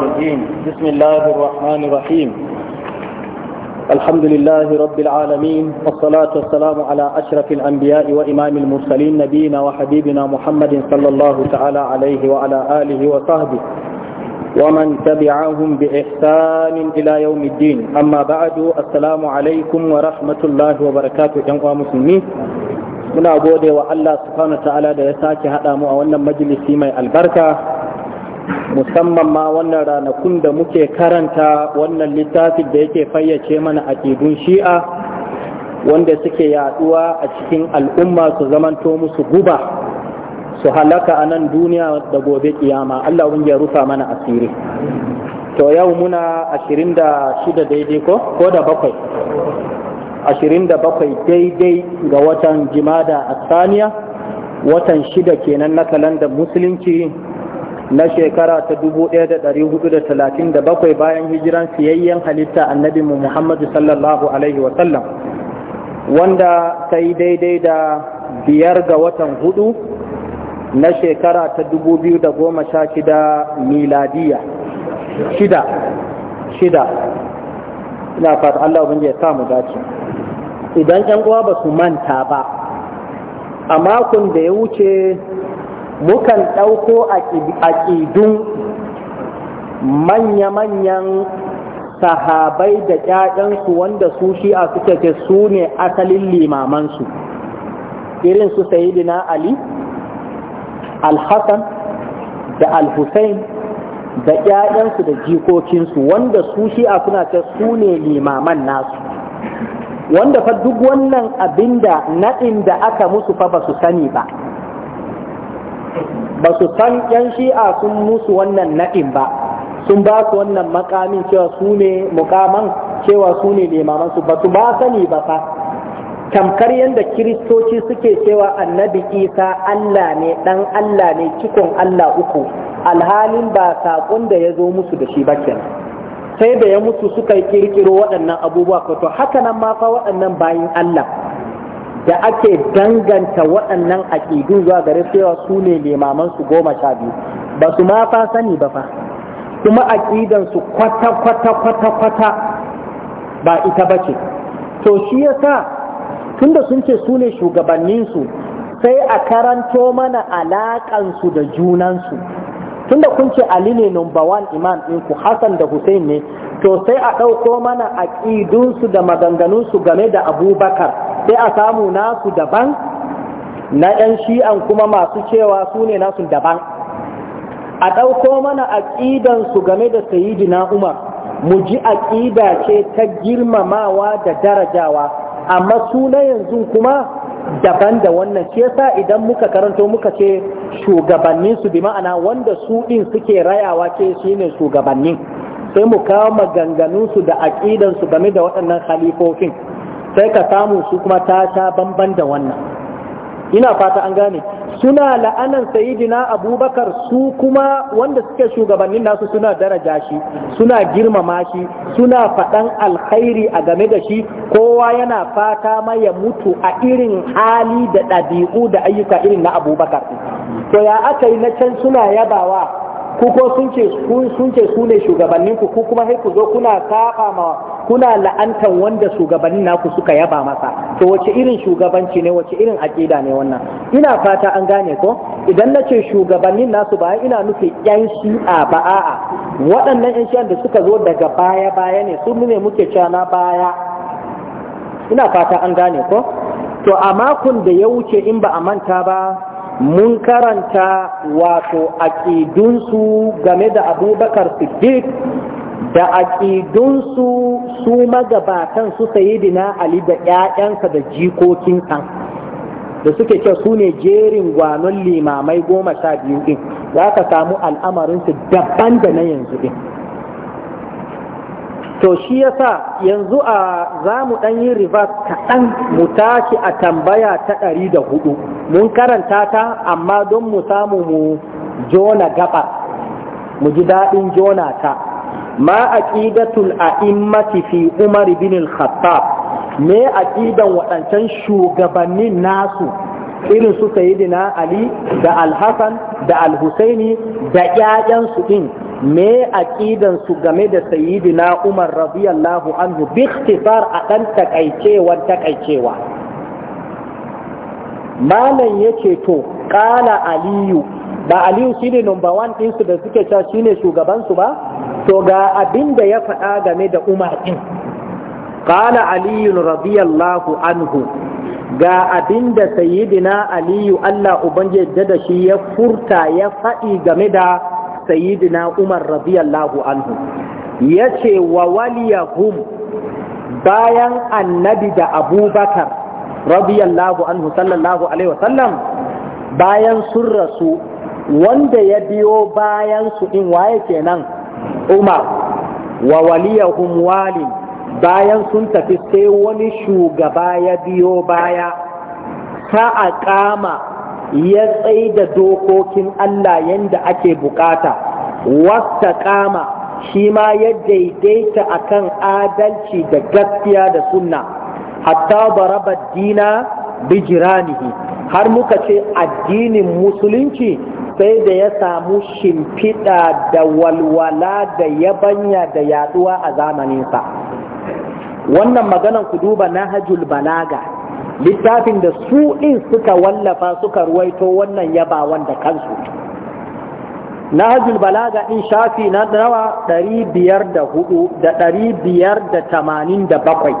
الرجيم بسم الله الرحمن الرحيم الحمد لله رب العالمين والصلاة والسلام على أشرف الأنبياء وإمام المرسلين نبينا وحبيبنا محمد صلى الله تعالى عليه وعلى آله وصحبه ومن تبعهم بإحسان إلى يوم الدين أما بعد السلام عليكم ورحمة الله وبركاته جمع مسلمين muna gode wa Allah subhanahu wa ta'ala da ya sake haɗa mu a wannan majalisi mai albarka musamman ma wannan ranakun da muke karanta wannan littafin da yake fayyace mana a aƙidun shi'a wanda suke yaduwa a cikin al'umma su zamanto musu guba su halaka a nan duniya da gobe kiyama Allah ya rufa mana asiri to yau muna 26 daidai ko ko da bakwai 27 daidai ga watan jimada a saniya watan shida kenan na kalandar musulunci na shekara ta 1437 bayan hijiran siyayyen halitta annabi mu Muhammadu sallallahu alaihi wasallam wanda ta yi daidai da biyar ga watan hudu na shekara ta 2016 miladiya shida shida ina fata Allah ubangiji ya samu dace idan yan uwa ba su manta ba a makon da ya wuce mukan ɗauko kidun manya-manyan sahabai da 'ya'yansu wanda su a suke ce su ne asalin limamansu irin su sayidina ali al-hassan da al husayn da ƴaƴansu da jikokinsu wanda su shi a suna ce su ne limaman nasu wanda fa duk wannan abinda naɗin da aka musu fa ba su sani ba ba su san yan shi'a sun musu wannan naɗin ba sun ba su wannan makamin cewa su ne mukaman cewa su ne limaman su ba su ba sani ba fa tamkar yadda kiristoci suke cewa annabi isa allah ne dan allah ne cikon allah uku alhalin ba saƙon da ya zo musu da shi ba sai da ya mutu suka yi kirkiro waɗannan abubuwa to haka nan ma fa waɗannan bayin allah da ake danganta waɗannan aƙidu zuwa gare cewa su ne limaman su goma sha biyu ba su ma fa sani ba fa kuma aƙidan su kwata kwata kwata kwata ba ita ba ce to shi yasa tunda sun ce su ne shugabanninsu sai a karanto mana alaƙansu da junansu tunda kun ce Ali ne number one imam ku Hassan da Hussein ne to sai a ɗauko mana aƙidunsu da maganganunsu game da Abubakar sai a samu nasu daban na ‘yan shi'an kuma masu cewa su ne nasu daban a ɗauko mana aƙidansu game da sayidina umar mu ji aƙida ce ta girmamawa da darajawa amma su na yanzu kuma daban da wannan ce sa idan muka karanto muka ce shugabanninsu bi ma'ana wanda su ɗin suke rayawa ce shine ne shugabannin sai mu kawo maganganunsu da aƙidansu game da waɗannan halifofin sai ka samu su kuma ta sha bamban da wannan ina fata an gane suna la'anan sayidina abubakar su kuma wanda suke shugabannin nasu suna daraja shi suna girmama shi suna faɗan alkhairi a game da shi kowa yana fata ma ya mutu a irin hali da ɗabi'u da ayyuka irin na abubakar to ya aka yi na can suna yabawa ku ko sun ce su ne shugabanninku ku kuma ku zo kuna saba kuna la'antan wanda shugabannin naku suka yaba masa to wace irin shugabanci ne wace irin aƙida ne wannan ina fata an gane ko idan na ce shugabannin nasu ba ina nufi yan shi'a ba a'a waɗannan yan shi'a da suka zo daga baya baya ne su ne muke cewa na baya ina fata an gane ko to a makon da ya wuce in ba a manta ba mun karanta wato aƙidunsu game da abubakar siddiq da aƙidunsu su magabatan su sayidina Ali da ‘ya'yansa da jikokinsa da suke kyau su ne jerin gwanon limamai goma sha biyu ɗin za ka samu al'amarinsu daban da na yanzu ɗin to shi yasa yanzu a za mu ɗan yi reverse kaɗan mu tashi a tambaya ta ɗari da hudu mun karanta ta amma don mu samu mu jona gaba mu ji daɗin jona ta ma aqidatul a'immati fi Umar bin al-Khattab me aqidan waɗancan shugabannin nasu irin su sayyidina Ali da al da Al-Husaini da ƴaƴan su din me aqidan su game da sayyidina Umar radiyallahu anhu bi ikhtisar a dan takaicewa takaicewa malam yace to qala aliyu ba aliyu shi ne number one ɗinsu da suke cewa ne shugabansu ba to ga abin da ya faɗa game da umar ɗin qala aliyun radiyallahu anhu ga abin da sayidina aliyu allah ubangiji da shi ya furta ya faɗi game da sayidina umar radiyallahu anhu ya ce wa waliyahum bayan annabi da abubakar radiyallahu anhu sallallahu alaihi wasallam bayan sun rasu wanda ya biyo bayan su in waye kenan umar wa waliyahum wali bayan sun tafi sai wani shugaba ya biyo baya ta a kama ya tsaye dokokin Allah yadda ake bukata wasta kama shi ma ya daidaita akan adalci da gaskiya da sunna hatta baraba dina bijiranihi har muka ce addinin musulunci sai da ya samu shimfiɗa da walwala da yabanya da yaduwa a zamaninsa wannan maganan ku duba nahajul balaga littafin da su ɗin suka wallafa suka ruwaito wannan yabawan da kansu nahajul balaga ɗin shafi na nawa 504 da bakwai.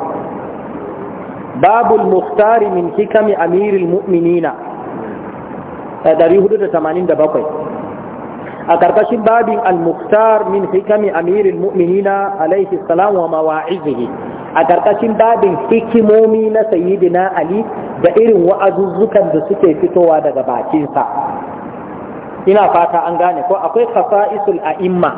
babul muhtari min hikami amiril mu'minina 487 eh, a karkashin babin al min hikami amirin mu'minina alaihi salam wa mawa'izihi a karkashin babin hikimomi na sayyidina ali da irin wa'azuzzukan da suke fitowa daga bakinsa ina fata an gane ko akwai fasaisul a'imma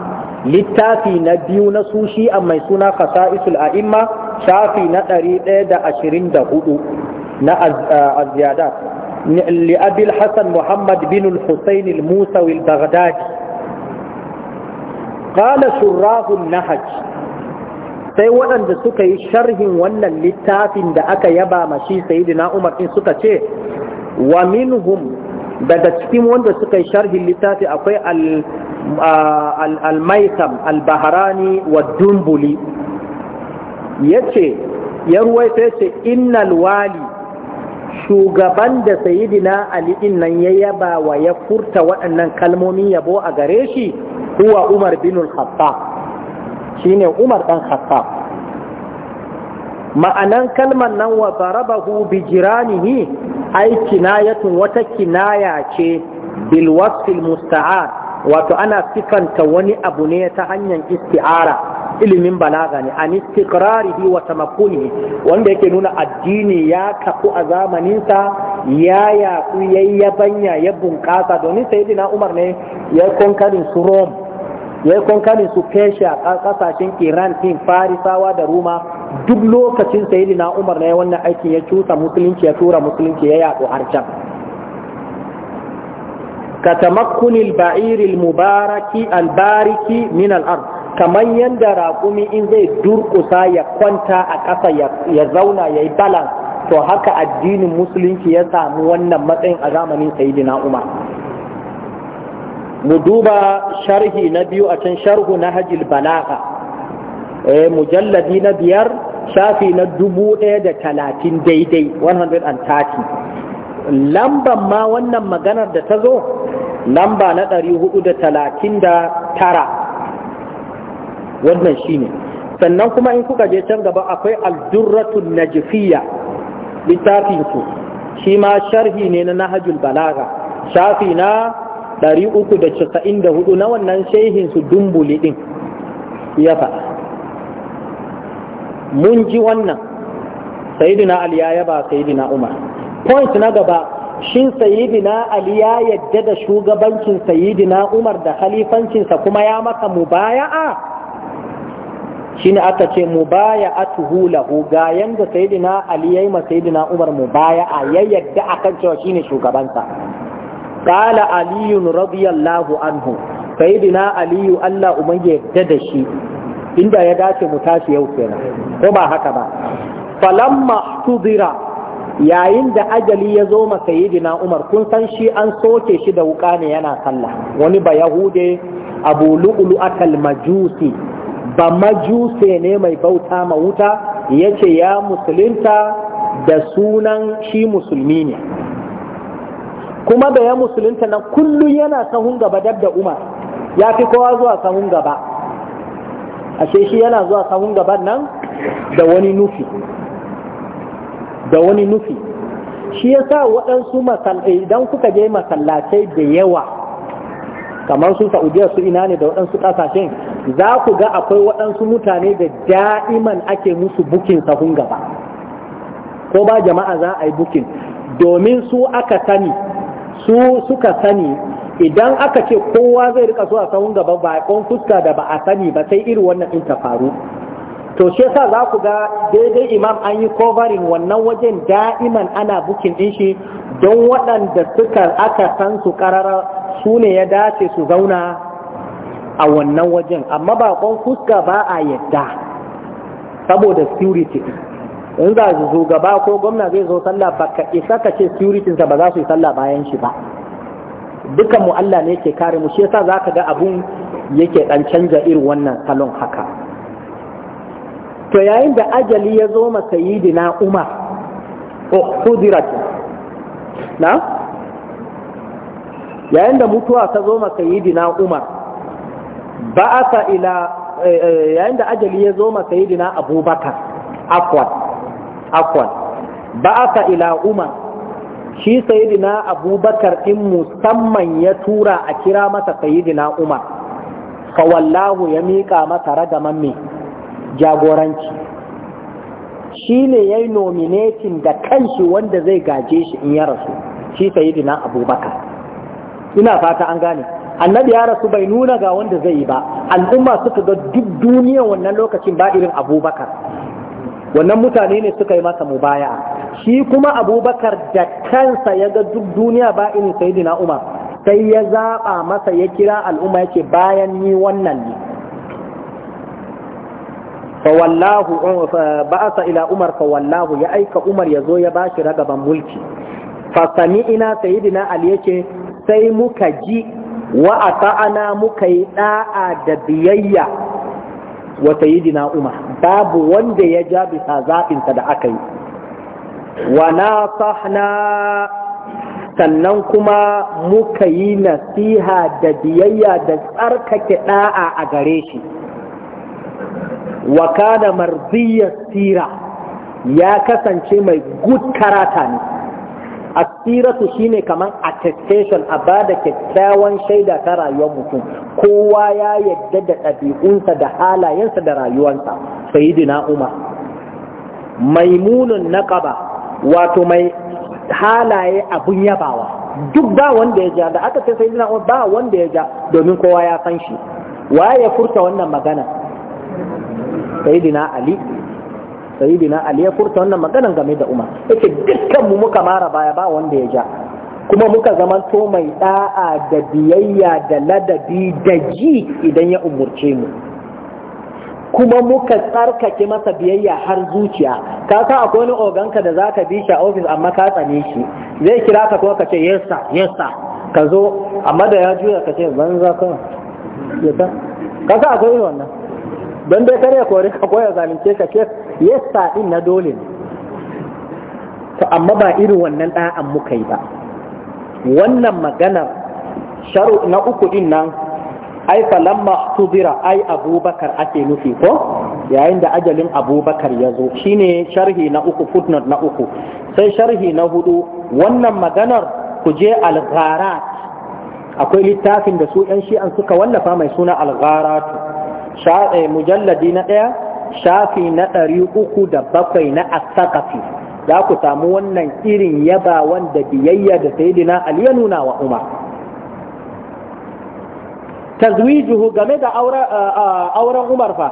littafi na biyu na sushi a mai suna fasaisul a'imma shafi na 124 na aziyadar. Eh, لأبي الحسن محمد بن الحسين الموسوي البغدادي قال شراه nahaj! sai waɗanda suka yi sharhin wannan littafin da aka yaba ma shi, sayyidina Umar ɗin suka ce wa minhum Da dattin wanda suka yi sharhin littafi akwai al-maisam al-baharani wa dumbuli yace ya ruwaita yace innal wali shugaban da sayidina ali din nan ya yaba wa ya furta waɗannan kalmomin yabo a gare shi huwa umar bin al-khattab shine umar dan khattab ma'anan kalman nan wa darabahu bi jiranihi ay kinayatun wata kinaya ce bil musta'ar wato ana sifanta wani abu ne ta hanyar isti'ara ilimin balaga ne an istiqrarihi wa tamakkunihi wanda yake nuna addini ya kafu a zamanin sa, ya yaku yayyabanya ya bunƙasa domin sayyidina Umar ne ya konkarin su Rome ya konkarin su Persia kasashen Iran tin Farisawa da Ruma, duk lokacin sayyidina Umar ne wannan aikin ya cusa musulunci ya tura musulunci ya yaku har can كتمكن البعير المبارك البارك من الأرض kamar yadda raƙumi in zai durƙusa ya kwanta a ƙasa ya zauna ya yi balan to haka addinin musulunci ya samu wannan matsayin a zamanin sayidina umar mu duba sharhi na biyu a can sharhu na hajjil balaga eh, mujalladi na biyar shafi na dubu ɗaya da talatin daidai 130 lamban ma wannan maganar da ta zo lamba na ɗari hudu da talatin da tara wannan shine sannan kuma in kuka je can gaba akwai al-durratul najfiyya littafin shi ma sharhi ne na nahajul balaga shafi na 394 na wannan shehinsu dumbuli din ya fa mun ji wannan sayyidina ali ya yaba sayyidina umar point na gaba shin sayyidina ali ya yadda da shugabancin sayyidina umar da khalifancinsa kuma ya maka mubaya'a shine aka ce mu mubaya'atuhu lahu ga yanda sayyidina ali yayi ma sayyidina umar a ya yadda kan cewa shine shugabansa qala ali radiyallahu anhu saidina Aliyu Allah umar yadda da shi inda ya dace mu tashi yau kenan ko ba haka ba falamma tudira yayin da ajali ya zo ma sayyidina umar kun san shi an soke shi da wuka ne yana sallah wani ba yahude abu lu'lu akal majusi ba majuse ne mai bauta ma wuta ya ce ya musulunta da sunan shi musulmi ne kuma da ya musulunta nan kullum yana sahun gaba dab da umar ya fi kowa zuwa sahun gaba ashe shi yana zuwa sahun gaban nan da wani nufi da wani nufi shi yasa waɗansu idan kuka je masallacai da yawa kamar su saudiya su ina ne da waɗansu ƙasashen za ku ga akwai waɗansu mutane da da'iman ake musu bukin sahun gaba ko ba jama'a za a yi bukin domin su aka sani su suka sani idan aka ce kowa zai rika zuwa a sahun gaba ba fuska da ba a sani ba sai irin wannan in ta faru to shi yasa za ku ga daidai imam an yi covering wannan wajen da'iman ana bukin din shi don waɗanda suka aka san su karara su ne ya dace su zauna a wannan wajen amma bakon fuska ba a yadda saboda security in za su zo gaba ko gwamna zai zo sallah ba ka isa ka ce securitinsa ba za su yi sallah bayan shi ba dukan mu Allah ne yake kare mu shi yasa ka ga abun yake dan canja irin wannan salon haka to yayin da ajali ya zo ma na Umar uhdirat na yayin da mutuwa ta zo maka dina umar sa ila eh, eh, yayin da ajali ya zo maka dina abubakar akwal akwal sa ila umar shi sayidina abubakar in musamman ya tura a kira masa sayidina umar wallahu ya miƙa masa ragaman mai jagoranci shi ne ya yi nominatin da kanshi wanda zai gaje shi in ya rasu shi sayidina abubakar ina fata an gane annabi ya rasu bai nuna ga wanda zai yi ba al'umma suka ga duk duniyar wannan lokacin ba irin abubakar wannan mutane ne suka yi masa mubaya shi kuma abubakar da kansa ya ga duk duniya ba irin sayidina umar sai ya zaɓa masa ya kira al'umma yake bayan ni wannan ne fawallahu ba'asa ila umar fawallahu ya aika umar ya zo ya bashi ragaban mulki fasani ina sayidina ali yake sai muka ji wa ta'ana muka yi ɗa'a da biyayya yi dina umar babu wanda ya ja bisa zaɓinsa da aka yi wa nasahna sannan kuma muka yi nasiha da biyayya da tsarkake ɗa'a a gare shi wa kana marziyar sira ya kasance mai gud karata ne asiratu shine kaman attestation a bada kyakkyawan shaida ta rayuwar mutum kowa ya yadda da ɗabi'unsa da halayensa da rayuwarsa sayyidina umar na naqaba wato mai halaye abun yabawa duk ba wanda ya ja da aka ce sayyidina umar ba wanda ya ja domin kowa ya san shi waye ya furta wannan magana sayyidina ali sayyidina ali ya furta wannan maganan game da umar yake dukkan mu muka mara baya ba wanda ya ja kuma muka zamanto mai da'a da biyayya da ladabi da ji idan ya umurce mu kuma muka tsarkake masa biyayya har zuciya ka san akwai wani oganka da za ka bi shi a ofis amma ka tsane shi zai kira ka kuma ka ce yes sir yes sir ka zo amma da ya juya ka ce banza ka ka san akwai wannan don dai kare kori ka koya zalunce ka ce yasa din na dole ne to amma ba irin wannan da'an muka yi ba wannan maganar sharu na uku din nan ai falamma Tubira, ai abubakar ake nufi ko yayin da ajalin abubakar ya zo shine sharhi na uku footnote na uku sai sharhi na hudu wannan maganar ku je al akwai littafin da su yan shi'an suka wallafa mai suna al-gharatu Eh, mujalladi na ɗaya shafi na ɗari uku da bakwai na asakafi za ku samu wannan irin yaba wanda biyayya da sayidina ali ya nuna wa umar tazwijuhu game da eh, eh, auren umar fa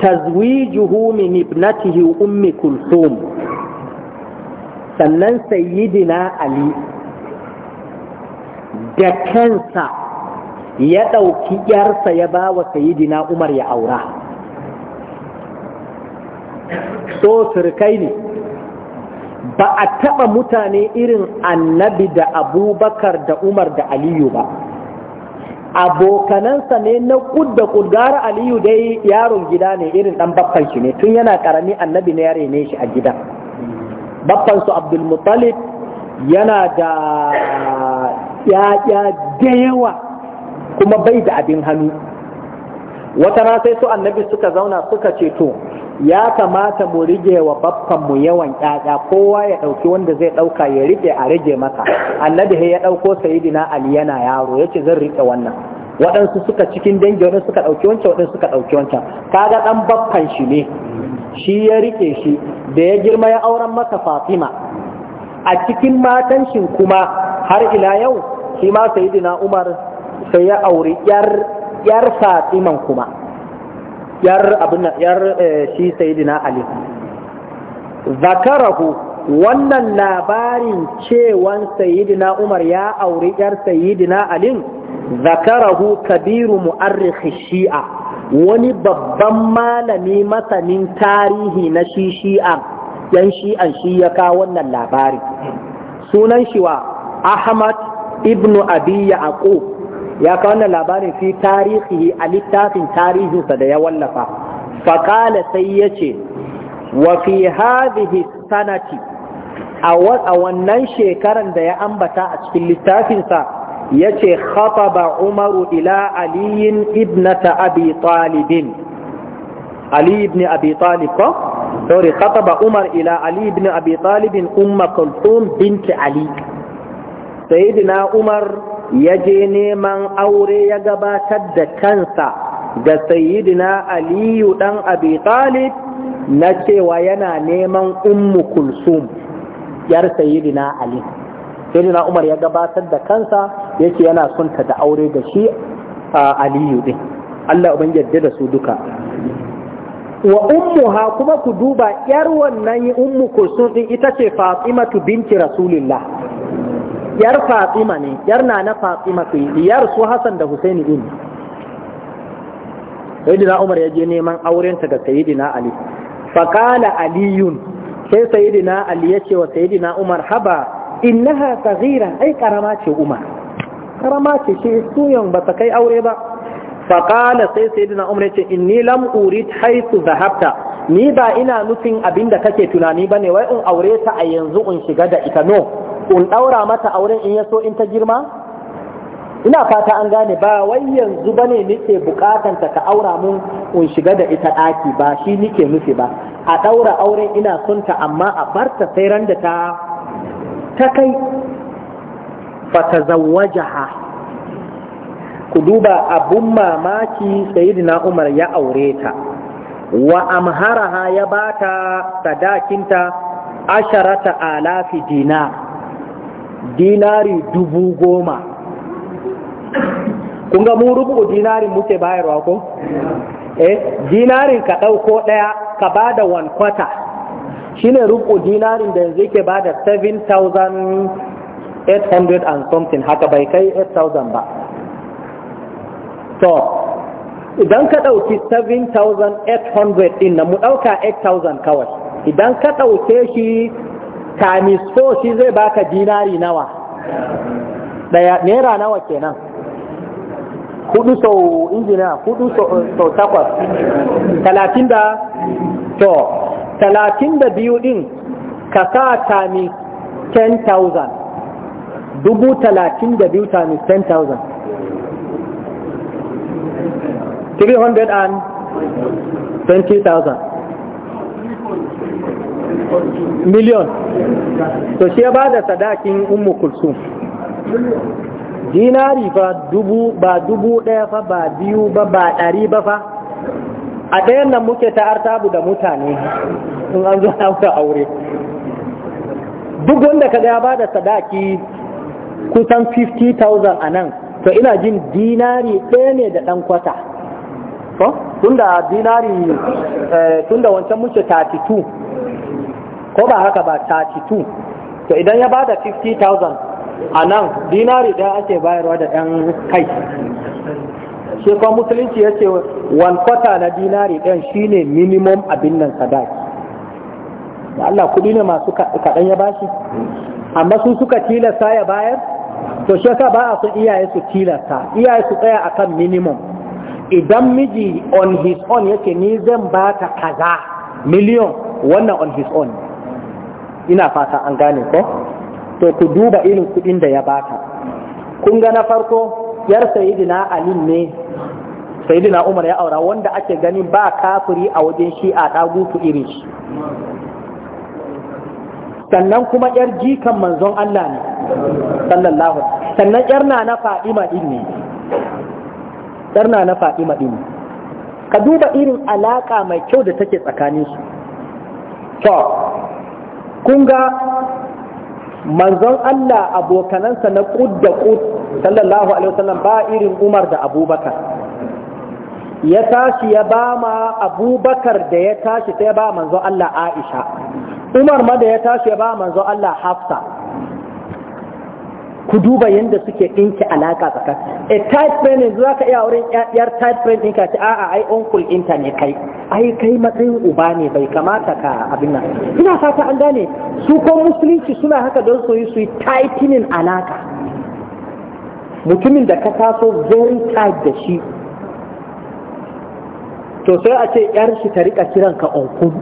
tazwijuhu min ibnatihi ummi kulsum sannan sayidina ali da kansa ya ɗauki yarsa ya ba wa sayidina umar ya aura so surkai ne ba a taɓa mutane irin annabi da abubakar da umar da aliyu ba abokanansa ne na kudda kuddara aliyu dai yaron gida ne irin ɗan baffan shi ne tun yana ƙarami annabi na ya rene shi a gida baffan su abdulmuttalib yana da ya'ya da yawa kuma bai da abin hannu wata na sai su annabi suka zauna suka ce to ya kamata mu rige wa mu yawan ƴaƴa kowa ya ɗauki wanda zai ɗauka ya riƙe a rige masa annabi ya ɗauko sayidina ali yana yaro yace zan rike wannan waɗansu suka cikin dangi waɗansu suka ɗauki wancan waɗansu suka ɗauki wancan kaga ɗan baffan shi ne shi ya riƙe shi da ya girma ya auren masa fatima a cikin matan shi kuma har ila yau shi ma sayidina umar sai ya auri yar fatiman kuma yar eh, shi sayidina ali zakarahu wannan labarin cewan sayidina umar ya auri yar sayidina ali zakarahu kabiru mu'arrikhi shi'a wani babban malami masanin tarihi na shi shi'a yan shi'an shi ya kawo wannan labari sunan shi wa ahmad ibnu abi yaqub ya kawo wannan labarin fi tarihi a littafin tarihinsa da ya wallafa faƙala sai ya ce wa fi hadhihi sanati a wannan shekaran da ya ambata a cikin littafinsa ya ce ba umaru ila aliyin ibnata abi talibin ali ibn abi talib ko sorry khataba umar ila ali ibn abi talibin umma kulthum binti ali sayyidina umar ya je neman aure ya gabatar da kansa ga sayyidina aliyu dan abi talib na cewa yana neman ummu kulsum yar sayyidina ali sayyidina umar ya gabatar da kansa yake yana son ta da aure da shi a aliyu din Allah uban yadda da su duka wa ummuha kuma ku duba yar wannan ummu kulsum din ita ce fatimatu binti rasulillah yar fatima ne yar na na fatima ce yar su hasan da husaini din sayyidina umar ya je neman auren ta ga sayyidina ali qala aliyun sai sayyidina ali ya ce wa sayyidina umar haba innaha saghira ai karama ce umar karama ce shi suyan ba ta kai aure ba qala sai sayyidina umar ya ce inni lam urid haythu dhahabta ni ba ina nufin abinda kake tunani bane wai in aure ta a yanzu in shiga da ita no in ɗaura mata auren in ya so in ta girma ina fata an gane ba wai yanzu ba ne nike bukatanta ka aura mun in shiga da ita ɗaki ba shi nike nufi ba a ɗaura auren ina sunta amma a barta sai ran da ta ta kai ha. ku duba abun mamaki sayyidina Umar ya aure ta wa amharaha ya ba ta sadakinta asharata alafi dinar dinari dubu goma kun ga mu rubu dinari muke bayarwa ko eh dinarin ka ɗauko ɗaya ka bada one quarter shine rubu dinarin da yanzu yake bada 7,800 and something haka bai kai 8,000 ba to idan ka ɗauki 7,800 din na mu ɗauka 8,000 kawai idan ka ɗauke shi kamis ko shi zai baka dinari nawa daya naira nawa kenan hudu sau injina hudu sau takwas talatin da to talatin da biyu din ka sa tami 10,000 dubu talatin da biyu tami 10,000 300 20,000. miliyon to shi ya ba da sadakin ummu kulsum dinari fa dubu ba dubu daya fa ba biyu ba ba dari ba fa a ɗayan nan muke ta artabu da mutane sun an zo na aure duk wanda ka ya ba da sadaki kusan 50,000 a nan to ina jin dinari ɗaya ne da ɗan kwata tun da dinari eh, tun da wancan muke 32 ko ba haka ba 32 to idan ya bada 50,000 a nan dinari ɗaya ake bayarwa da ɗan kai shi musulunci yace ce kwata na dinari ɗin shine minimum abin nan sadaki da Allah kuɗi ne masu kaɗan ya bashi amma su suka tilasta ya bayar to shi ba a son iyaye su tilasta iyaye su tsaya akan minimum idan miji on his own yake ni zan ba ta kaza miliyon wannan on his own ina fata an gane ko to ku duba irin kuɗin da ya baka kun ga na farko yar sayidina ali ne sayidina umar ya aura wanda ake ganin ba kafiri a wajen shi a ku irin shi sannan kuma yar jikan manzon Allah ne sallallahu sannan yar na na fa'ima din ne yar na na fa'ima din ka duba irin alaka mai kyau da take tsakanin su to kun ga manzon Allah abokanansa na ƙud da ƙud sallallahu alaihi wasallam ba irin Umar da Abubakar ya tashi ya ba ma Abubakar da ya tashi sai ba manzon Allah Aisha Umar ma da ya tashi ya ba manzon Allah Hafsa ku duba yadda suke ɗinki alaƙa tsaka a type friend yanzu za ka iya wurin yar type friend Ka ce a'a ai onkul ɗinta ne kai ai kai matsayin uba ne bai kamata ka abin nan ina fata an gane su ko musulunci suna haka don su yi su yi tightening alaƙa mutumin da ka taso very tight da shi to sai a ce yar shi ta riƙa kiran ka onkul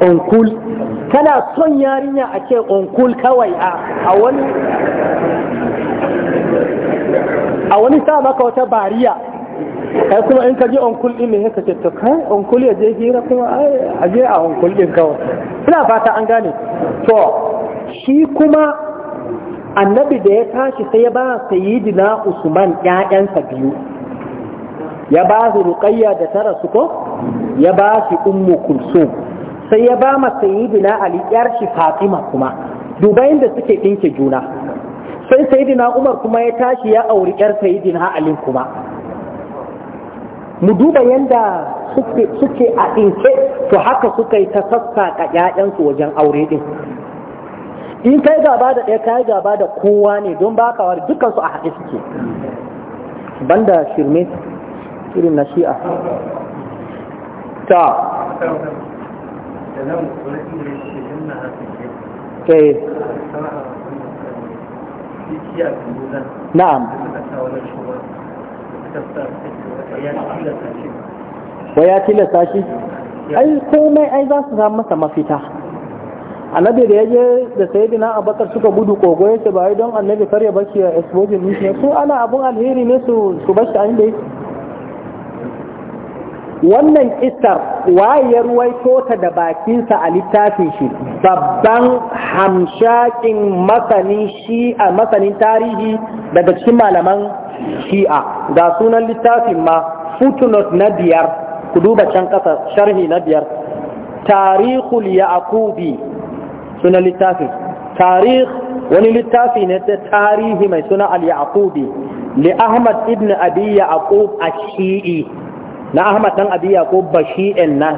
onkul kana son yarinya a ce onkul kawai a wani a wani sa maka wata bariya Kai kuma in ka je onkul ɗin ne ka ce to kai onkul ya je hira kuma a je a onkul ɗin kawai ina fata an gane to shi kuma annabi da ya tashi sai ya ba sayyidina usman ƴaƴansa biyu ya ba su ruqayya da tara su ko ya ba su ummu kulsum sai ya ba ma sayyidina ali yar shi fatima kuma duba yadda suke ɗinke juna sai sayyidina umar kuma ya tashi ya auri yar sayyidina ali kuma mu duba yadda suke a dinke to haka suka yi ta sassaƙa 'ya'yansu wajen aure ɗin in kai gaba da ɗaya kai gaba da kowa ne don ba ka wari dukansu a haɗe suke banda shirme irin na shi'a ta kai na'am wa ya tilasta shi ai komai ai za su samu masa mafita annabi da ya je da sayidina abakar suka gudu kogo ya ce ba don annabi kar ya bashi ya exposure ne su ana abun alheri ne su bashi an da wannan kistar waye ruwaito ta da bakinsa a littafin shi babban hamshakin masanin shi'a masanin tarihi daga cikin malaman shi'a ga sunan littafin ma footnote na biyar ku duba can ƙasa sharhi na biyar tarihul yaqubi sunan littafin tarih wani littafi ne da tarihi mai suna al-yaqubi li ahmad ibn abi yaqub ash-shi'i na ahmad dan abi Yaqub Bashi nan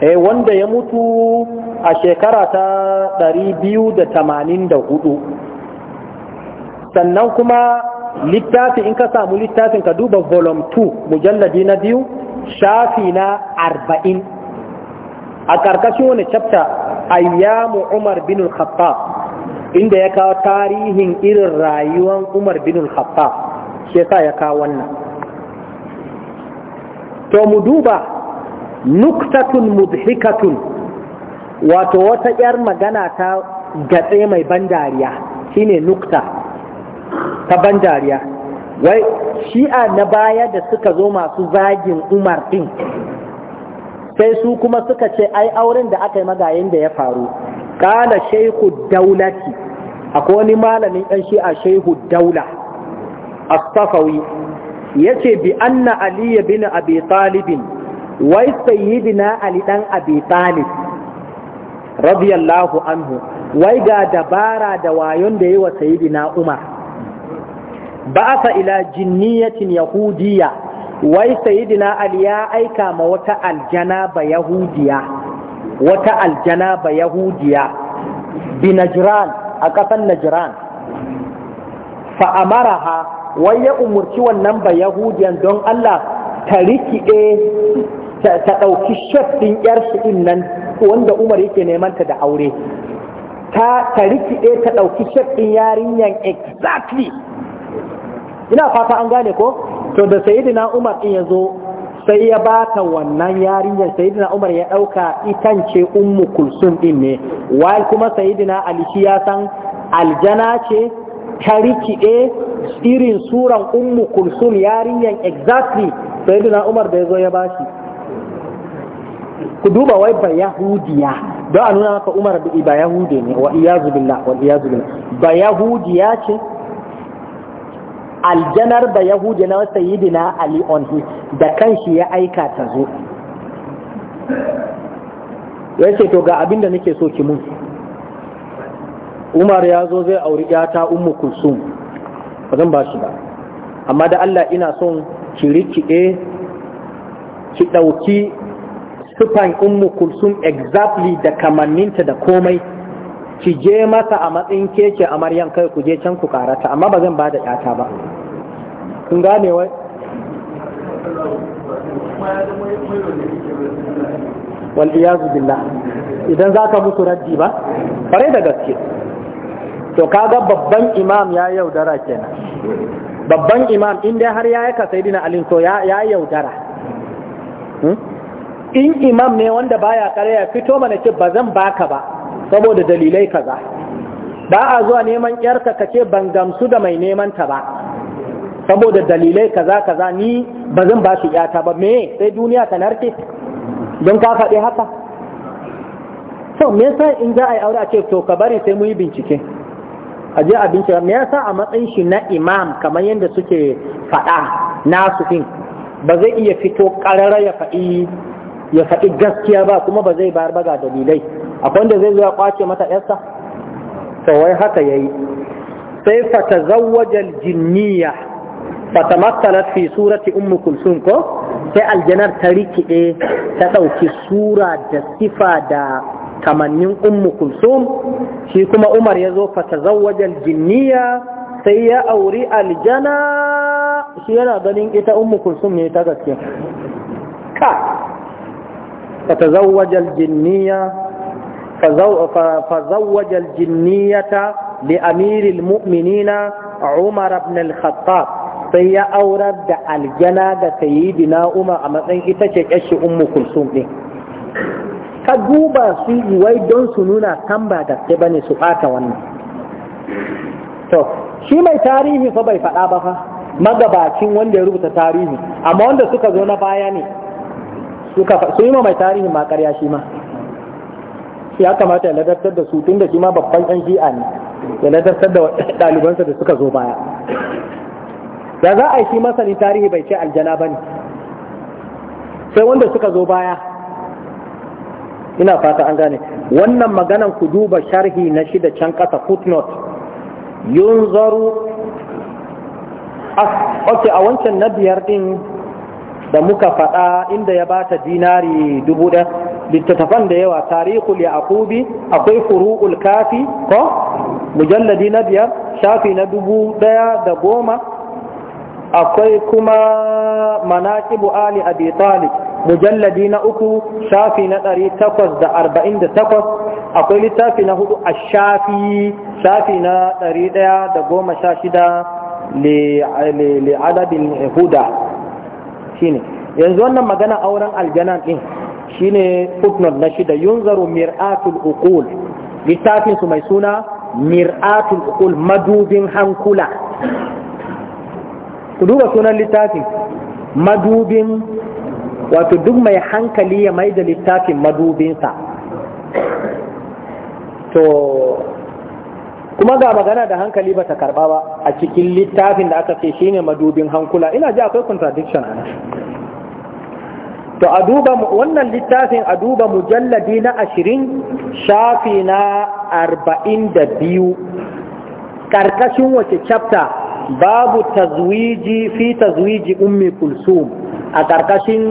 eh wanda ya mutu a shekara ta 284 sannan kuma littafi in ka samu littafin ka duba volume 2 mujalladi na biyu shafi na 40 a karkashin wani chapter ayyamu umar bin al-khattab inda ya kawo tarihin irin rayuwar umar bin al-khattab shi ya kawo wannan to mu duba nuktatun mudhikatun wato wata yar magana ta gatse mai ban dariya shine nukta ta ban dariya wai shi'a na baya da suka zo masu zagin umar din sai su kuma suka ce ai auren da aka yi magayin da ya faru kala Shehu daulati akwai wani malamin 'yan shi'a Shehu daula astafawi yace bi anna ali bin abi talib wai sayyidina ali dan abi talib radiyallahu anhu wai ga dabara da wayon da yi wa sayyidina umar ba'asa ila jinniyatin yahudiyya wai sayyidina ali ya aika ma wata aljana ba yahudiya wata aljana ba yahudiya bi najran a ƙasar najran fa amaraha wai ya umurci wannan ba yahudiyan don Allah ta rikide ta ɗauki shafin yar shi nan wanda umar yake neman ta da aure ta ta rikide ta ɗauki shafin yarinyan exactly ina fata an gane ko to da sayyidina umar din yazo sai ya ba ta wannan yarinyar sayyidina umar ya ɗauka itance ummu kulsum din ne wai kuma sayyidina ali shi ya san aljana ce ta rikide eh, irin suran ummu kulsum yarinyan exactly sayyidina umar da ya zo ya bashi ku duba wai ba yahudiya don a nuna maka umar da ba yahudi ne wa iyazu billah wa iyazu billah ba yahudiya ce aljanar ba yahudi na sayyidina ali on da kanshi ya aika ta zo ya ce to ga abin da nake so ki mun umar ya zo zai auri yata umu kulsum ba zan ba shi ba amma da Allah ina son ki ki ɗauki sufan umu kulsum exactly da kamanninta da komai ki je masa a matsayin keke a kai ku je can ku karata amma ba zan ba da yata ba kun gane wai wal iyazu billah idan zaka mutu raddi ba kare da gaske to kaga babban imam ya yaudara kenan babban imam inda har ya yaka sayyidina ali to ya yaudara hmm? in imam ne wanda baya kare ya fito mana ce ba zan baka ba saboda dalilai kaza ba a zuwa neman yarka ka ce ban gamsu da mai neman ta ba saboda dalilai kaza kaza ni ba zan ba shi yata ba me sai duniya ta narke don ka faɗi haka to me yasa in za a yi aure a ce to ka bari sai mu yi bincike a je a bincika me yasa a matsayin shi na imam kamar yadda suke faɗa nasu fin? ba zai iya fito ƙarara ya faɗi ya faɗi gaskiya ba kuma ba zai bayar baga dalilai A wanda zai zuwa kwace mata yarsa to wai haka yayi sai fatazawwaja aljinniya fatamassalat fi surati ummu kulsum ko sai aljanar ta rikide ta ɗauki sura da sifa da tamannin ummu kulsum shi kuma umar ya zo fatazawwajal jinniya sai ya auri aljana shi yana ganin ita ummu kulsum ne ta gaske ka fatazawwajal jinniya fazawwajal jinniyata li amiril mu'minina umar ibn al sai ya aurar da aljana da sayyidina umar a matsayin ita ce kashi ummu kulsum ɗin. ka duba su yi wai don su nuna kan ba gaske ba ne su ɓata wannan to shi mai tarihi fa bai faɗa ba fa magabacin wanda ya rubuta tarihi amma wanda suka zo na baya ne su yi ma mai tarihi ma ƙarya shi ma ya kamata ya ladartar da su tun da shi ma babban ɗan shi'a ne ya ladartar da ɗalibansa da suka zo baya da za a yi shi masanin tarihi bai ce aljana ba ne sai wanda suka zo baya ina fata an gane wannan maganan ku duba sharhi na shida can kasa footnote yunzaru ah, ok a wancan na biyar din da muka faɗa inda ya bata dinari dubu da littattafan da yawa tarihul akubi akwai furu'ul kafi ko mujalladi na biyar shafi na dubu daya da goma akwai kuma manaƙibu ali abi talib mujalladi na uku shafi na ɗari takwas da arba'in da takwas akwai littafi na hudu a shafi shafi na ɗari ɗaya da goma sha shida li'adabin huda yanzu wannan magana auren aljanan ɗin shine footnote na shida yunzaru mir'atul ukul littafin su mai suna mir'atul ukul madubin hankula ku duba sunan littafin madubin wato duk mai hankali ya mai da littafin madubinsa to kuma ga magana da hankali ba ta karba ba a cikin littafin da aka ce shi ne madubin hankula ina ji akwai contradiction a nan to a duba wannan littafin a duba mujalladi na ashirin shafi na arba'in da biyu ƙarƙashin wace chapter babu tazwiji fi tazwiji ummi kulsum a ƙarƙashin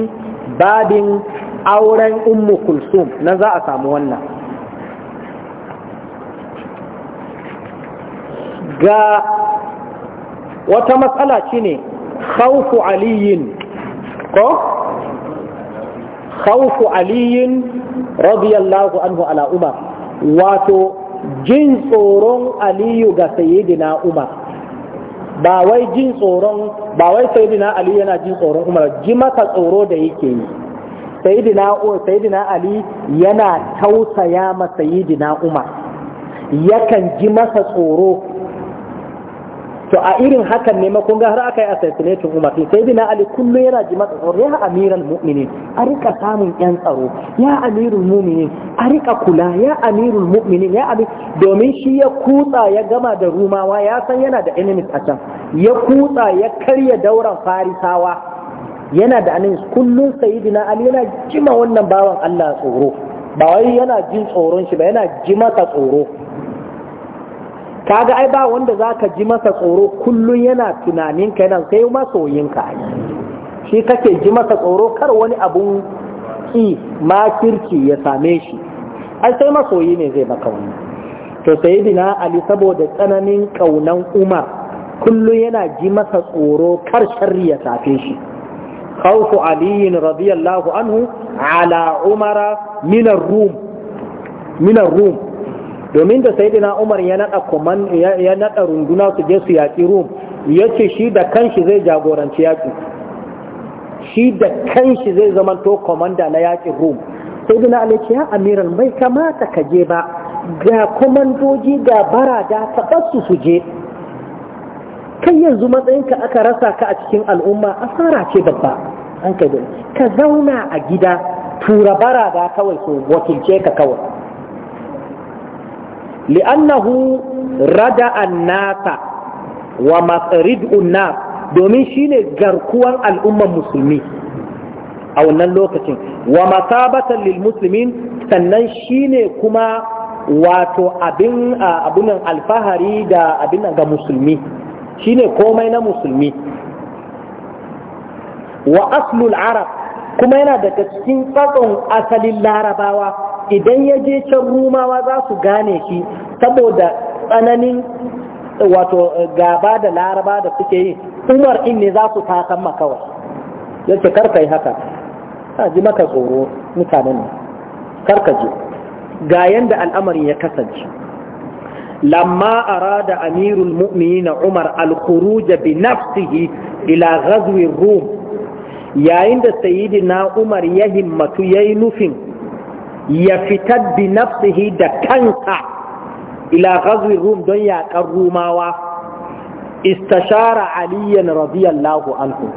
babin auren ummu kulsum na za a samu wannan ga wata matsala shi ne khawfu aliyin ko khawfu aliyin radiyallahu anhu ala umar wato jin tsoron aliyu ga sayyidina umar ba wai jin tsoron ba wai sayidina ali yana jin tsoron umar ji maka tsoro da yake yi Sayidina sayidina ali yana tausaya ma Sayidina umar yakan ji masa tsoro to a irin hakan ne makon har aka yi assassination umar sai dina ali kullum yana ji masa tsoro ya amiran mu'minin a rika samun yan tsaro ya amirul mu'minin a rika kula ya amirul mu'minin ya abi domin shi ya kutsa ya gama da rumawa ya san yana da enemies a can ya kutsa ya karya dauran farisawa yana da anis kullum sayyidina ali yana jima wannan bawan Allah tsoro ba wai yana jin tsoron shi ba yana jima ta tsoro kaga ai ba wanda zaka ji masa tsoro kullun yana tunanin ka yana sai masoyinka shi kake ji masa tsoro kar wani abun ki makirci ya same shi ai sai masoyi ne zai maka wani to sayyidina ali saboda tsananin kaunan umar kullum yana ji masa tsoro kar sharri ya safe shi خوف علي رضي الله عنه على عمر من الروم من الروم domin da Saidina Umar ya nada kuman ya nada runduna su je su yaki Rum yace shi da kanshi zai jagoranci yaki shi da kanshi zai zamanto komanda na yakin Rum sai Ali ce ya amiran bai kamata ka je ba ga komandoji ga barada ta su je kai yanzu matsayinka aka rasa ka a cikin al'umma asara ce babba an kai ka zauna a gida tura barada kawai su wakilce ka kawai li'annahu rada annasa wa masridun nas domin shine garkuwan al'umman musulmi a wannan lokacin wa masabatan lil musulmin sannan shine kuma wato abin abunan alfahari da abin ga musulmi shine komai na musulmi wa aslul arab kuma yana daga cikin tsatson asalin larabawa idan ya je can rumawa za su gane shi saboda tsananin wato gaba da laraba da suke yi umar in ne za su tasan makawai ya ce karka yi haka a ji maka tsoro mutanen karka je ga yanda al'amarin ya kasance lamma da amirul mu'minina umar al-khuruj bi nafsihi ila ghazwi rum yayin da Saidina umar ya himmatu yayi nufin ya fitar bi nafsihi da kanka ila ghazwin rum don yaƙar rumawa istashara aliyan radiyallahu anhu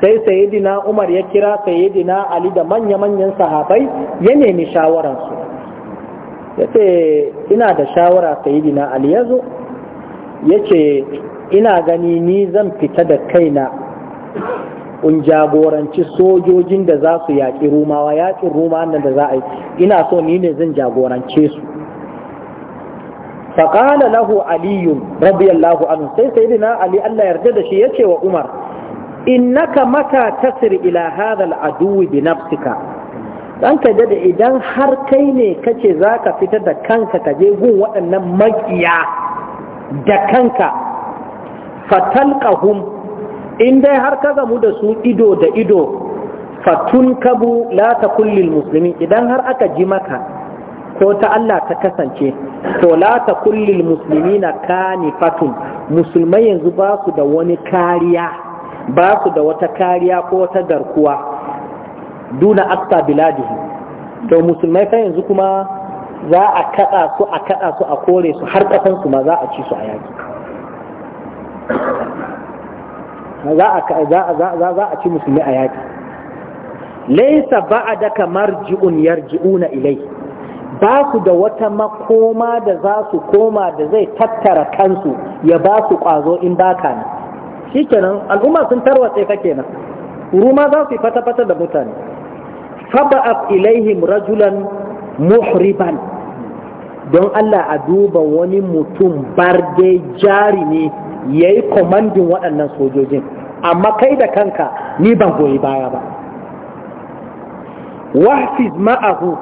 sai sayyidina umar ya kira sayyidina ali da manya-manyan sahabai ya nemi shawararsu ya ce ina da shawara sayyidina ali ya ce ina gani ni zan fita da kaina kun jagoranci sojojin da za su yaƙi rumawa yaƙin rumawa nan da za a yi ina so ni ne zan jagorance su faƙala lahu aliyu radiyallahu anhu sai sayyidina ali Allah yarda da shi yace wa umar innaka mata tasir ila hadha al bi nafsika dan ka da idan har kai ne kace zaka fitar da kanka ka je gun waɗannan maƙiya da kanka fatalqahum in dai har ka gamu da su ido da ido fatun kabu la ta kullil musulmi idan har aka ji maka ko ta Allah ta kasance to la ta kullil musulmi na kani fatun musulmai yanzu ba su da wani kariya ba su da wata kariya ko wata garkuwa duna aksa biladihi to musulmai fa yanzu kuma za a kaɗa su a kaɗa su a kore su har su ma za a ci su a yaki za a ci musulmi a yaƙi laisa daga marji'un yarji'una ilai ba su da wata makoma da za su koma da zai tattara kansu ya ba su ƙwazo in baka ne kenan al'umma sun tarwatse ka kenan ruma za su yi fata-fata da mutane faba'af ilaihim rajulan muhriban don Allah a duba wani mutum barde jari ne ya yi waɗannan sojojin amma kai da kanka ni ban goyi baya ba wahfiz ma'ahu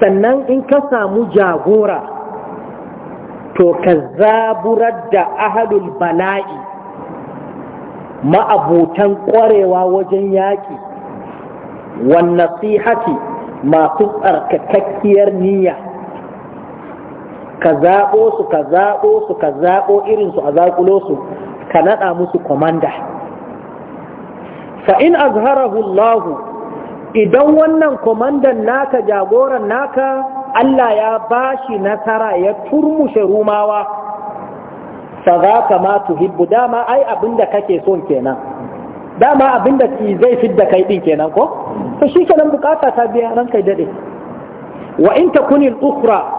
sannan in ka samu jagora to ka zaburar da ahalul bala'i ma'abutan ƙwarewa wajen yaƙi wannan sihati masu tsarkakakkiyar niyya ka zaɓo su ka zaɓo su ka zaɓo irin su a zaƙulo su ka naɗa musu komanda fa in azharahu Allah idan wannan komandan naka jagoran naka Allah ya bashi nasara ya turmushe rumawa fa za ka ma tuhibbu dama ai abinda kake son kenan dama abinda zai fidda kai din kenan ko to shi kenan bukata ta biya kai dade wa in takuni al-ukhra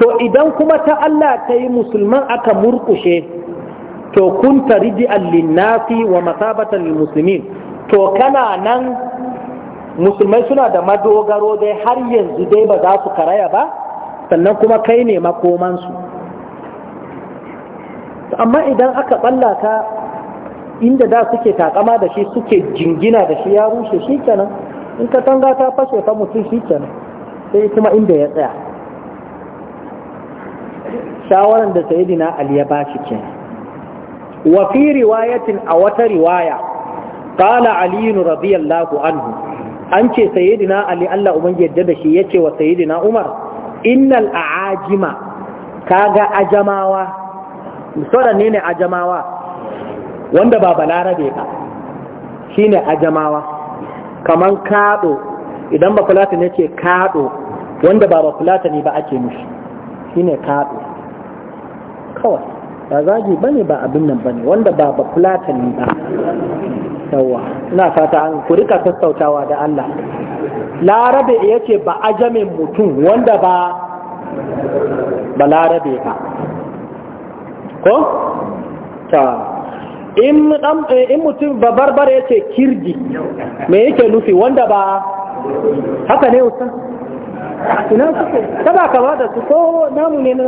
to idan kuma ta Allah ta yi musulman aka murkushe to kun taridi linnasi wa masabatan lil muslimin to kana nan musulmai suna da madogaro dai har yanzu dai ba za su karaya ba sannan kuma kai ne makomansu amma idan aka tsallaka inda da suke takama da shi suke jingina da shi ya rushe shi kenan in ka tanga ta fashe ta mutum shi kenan sai kuma inda ya tsaya shawaran da sayyidina ali ya bashi ke wa fi riwayatin a wata riwaya qala ali radiyallahu anhu an ce sayyidina ali Allah ubangi yadda da shi yace wa sayyidina umar innal aajima kaga ajamawa sura ne ne ajamawa wanda ba balarabe ba shine ajamawa kaman kado idan ba fulata ne ce kado wanda ba ba fulata ne ba ake mushi shine kaɗo kawai ba zagi ne ba abin nan ne wanda ba ba ne ba yawa ina fata an ku rika sassautawa da Allah larabe ya ce ba ajamin mutum wanda ba ba larabe ba ko ta in eh, mutum ba barbara ya ce kirji me yake nufi wanda ba haka ne usan ina suke kada ka ba da su ko namu ne na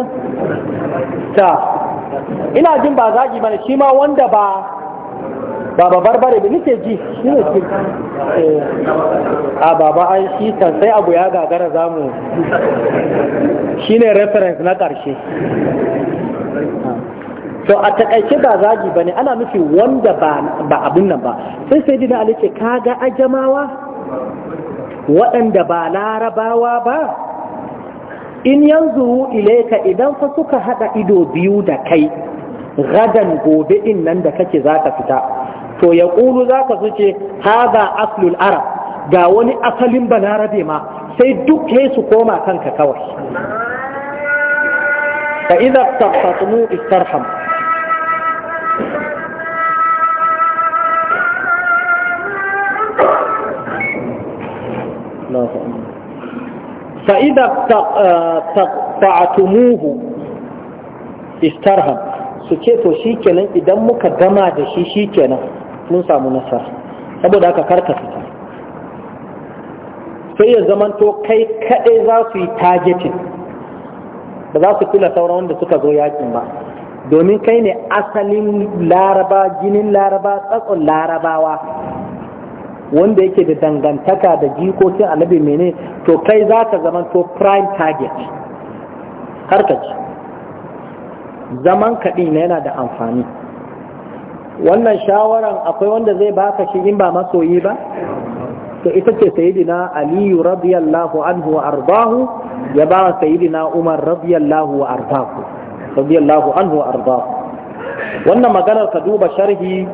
ta ina jin ba zagi bane shi ma wanda ba ba ba barbare ba nake ji shi ne shi eh, a baba an shi san sai abu ya gagara zamu shi ne reference na ƙarshe to a takaice ba zagi ba ne ana nufi wanda ba abin nan ba sai sai dina alice kaga ajamawa waɗanda ba larabawa ba in yanzu ilaika idan fa suka haɗa ido biyu da kai gadan gobe in nan da kake za ka fita to ya ƙulu za ka suce haza aslul arab ga wani asalin balarabe ma sai duk ya su koma kanka kawai ka idza tafsatunu istarham فإذا تقطعتموه استرهب suke to shikenan idan muka gama da shi shi kenan samu nasara saboda haka karka fita sai ya zamanto kai kadai zasu yi targeting ba za su kula sauran wanda suka zo yakin ba domin kai ne asalin laraba ginin laraba tsatson larabawa wanda yake da dangantaka da jikokin annabi mene to kai za ka zama to prime target ji. zaman kaɗi na yana da amfani wannan shawaran akwai wanda zai baka shi in ba masoyi ba to ita ce sayidina aliyu radiyallahu anhu wa arbahu ya ba sayidina umar radiyallahu wa arbahu radiyallahu anhu wa arbahu wannan maganar ka duba sharhi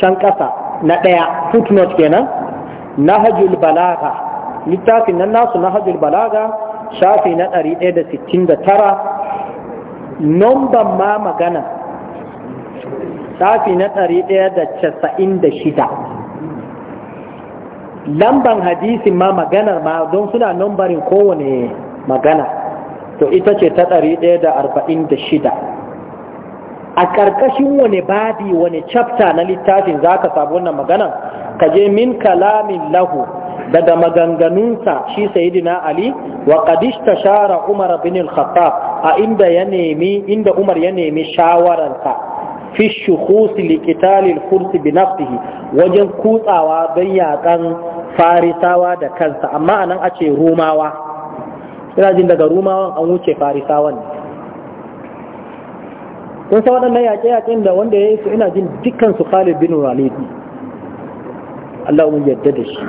can ƙasa na ɗaya footnote kenan nahajul balaga littafin nan nasu nahajul balaga shafi na 169 nomban ma magana shafi na 196 lamban hadisin ma maganar ma don suna nombarin kowane magana to ita ce ta 146 a ƙarƙashin wani babi wani chapter na littafin za ka sabu wannan maganan ka je min kalamin lahu daga maganganunsa shi sayidina ali wa qadishta shara umar bin al a inda ya nemi inda umar ya nemi shawararsa fi shukhus li qitalil furs bi nafsihi wajen kutsawa don yakan farisawa da kansa amma anan a ce rumawa ina jin daga rumawan an wuce farisawan ne kun san waɗannan yaƙe-yaƙen da wanda ya yi su ina jin dukkan su Khalid bin Walid Allah mun yadda da shi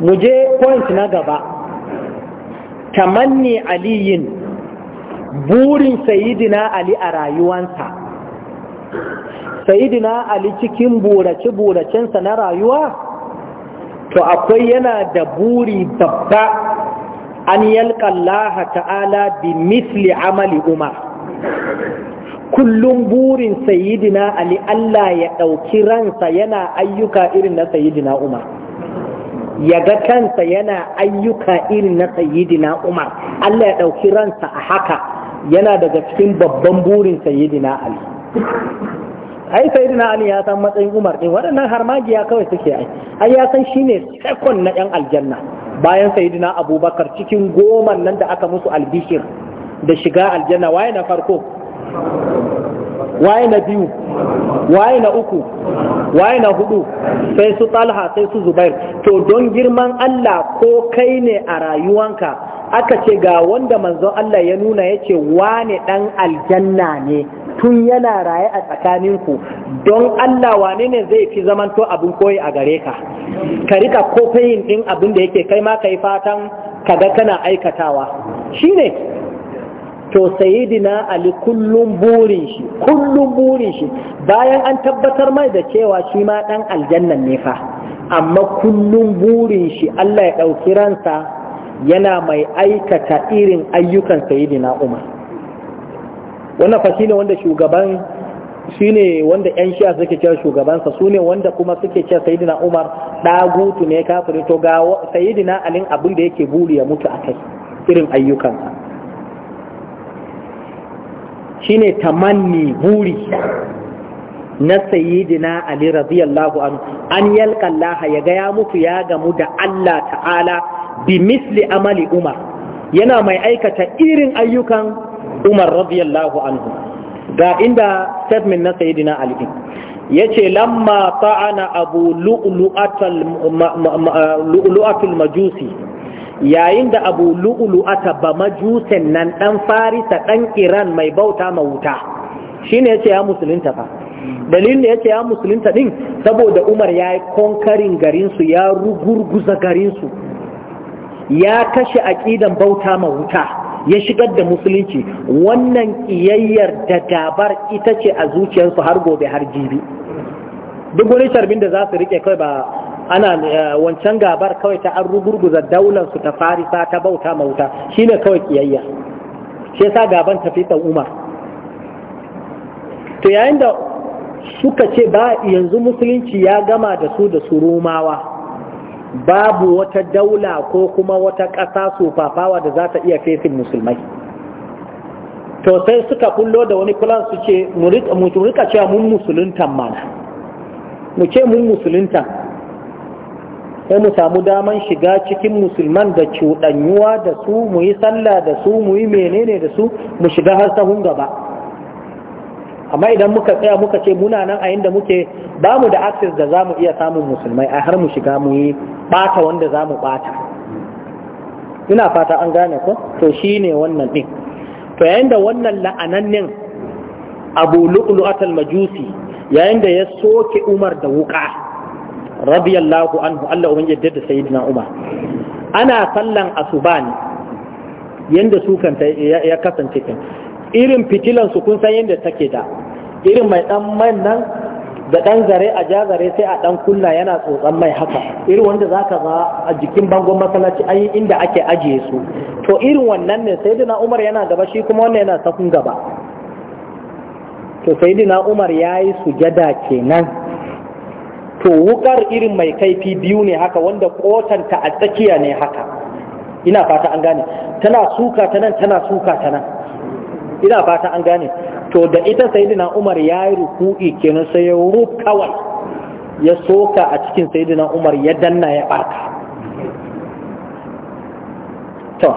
mu je point na gaba tamanni aliyin burin sayidina ali a rayuwansa sayidina ali cikin burace-buracensa na rayuwa to akwai yana da buri babba an yalka Allah ta'ala bi misli amali Umar kullum burin sayyidina Ali Allah ya ɗauki ransa yana ayyuka irin na sayyidina Umar ya ga kansa yana ayyuka irin na sayyidina Umar Allah ya ɗauki ransa a haka yana daga cikin babban burin sayyidina Ali ai sayyidina Ali ya san matsayin Umar ɗin waɗannan magiya kawai suke ai ai ya san shine second na 'yan aljanna bayan sayidina abubakar cikin goma nan da aka musu albishir da shiga aljanna waye na farko waye na biyu waye na uku waye na hudu sai su talha sai su zubair to don girman Allah ko kai ne a rayuwanka aka ce ga wanda manzon Allah ya nuna yace wane dan aljanna ne tun yana raye a tsakaninku don Allah wane ne zai fi zamanto abin koyi a gare ka ka rika kofayin din abin da yake kai ma kai fatan ka ga kana aikatawa shine to sayidina ali kullum burin shi kullum burin shi bayan an tabbatar mai da cewa shi ma dan aljannan ne fa amma kullum burin shi Allah ya ɗauki ransa yana mai aikata irin ayyukan sayidina umar wannan fa shine wanda shugaban shine wanda yan shi'a suke cewa sa. su ne wanda kuma suke cewa sayyidina Umar dagutu ne kafiri to ga sayyidina Ali abin da yake buri ya mutu akai irin sa shine tamanni buri na sayyidina Ali radiyallahu anhu an yalqa Allah ya ga ya mutu ya gamu da Allah ta'ala bi misli amali Umar yana mai aikata irin ayyukan umar radiyallahu anhu ga inda statement na sayidina ali ya ce lamma ta'ana abu lu'lu'atul majusi yayin da abu lu'lu'ata ba majusen nan dan farisa dan iran mai bauta mawuta shine yace ya musulunta fa dalilin da yace ya musulunta din saboda umar ya yi konkarin garin su ya rugurguza garin su ya kashe aqidan bauta ma wuta. ya shigar da musulunci wannan kiyayyar da dabar ita ce a zuciyarsu har gobe har jibi duk wani sharbin da za su rike kawai ba ana eh, wancan gabar kawai ta an rugurguza daular ta farisa ta bauta mauta Shi ne kawai kiyayya. shi yasa gaban ta fi umar to yayin da suka ce ba yanzu musulunci ya gama da su da su rumawa babu wata daula ko kuma wata ƙasa fafawa da za ta iya fesin musulmai to sai suka kullo da wani plan su ce mu rika cewa mun musuluntan mana mu ce mun musuluntan sai mu samu daman shiga cikin musulman da cuɗanyuwa da su mu yi sallah da su mu yi menene da su mu shiga har sahun gaba amma idan muka tsaya muka ce muna nan a inda muke ba mu da access da zamu iya samun musulmai a har mu shiga mu yi bata wanda zamu bata ina fata an gane ko to shi wannan din, to yayin da wannan la'anannin abu lu'lu'atul majusi yayin da ya soke umar da wuka radiyallahu anhu Allah ubangiji da sayyidina umar ana sallan asuba ne yanda su kanta ya kasance kan irin fitilan su kun san yadda take da irin mai dan man nan da dan zare a ja zare sai a dan kunna yana tsotsan mai haka irin wanda zaka ga a jikin bangon masallaci ai inda ake ajiye su to irin wannan ne sayyidina Umar yana gaba shi kuma wannan yana safun gaba to sayyidina Umar yayi sujada kenan to wukar irin mai kaifi biyu ne haka wanda kotanta a tsakiya ne haka ina fata an gane tana suka ta nan tana suka ta nan ina fata an gane to da ita sayyidina umar ya yi ruku'i kenan sai ya rub kawai ya soka a cikin sayyidina umar ya danna ya ɓata to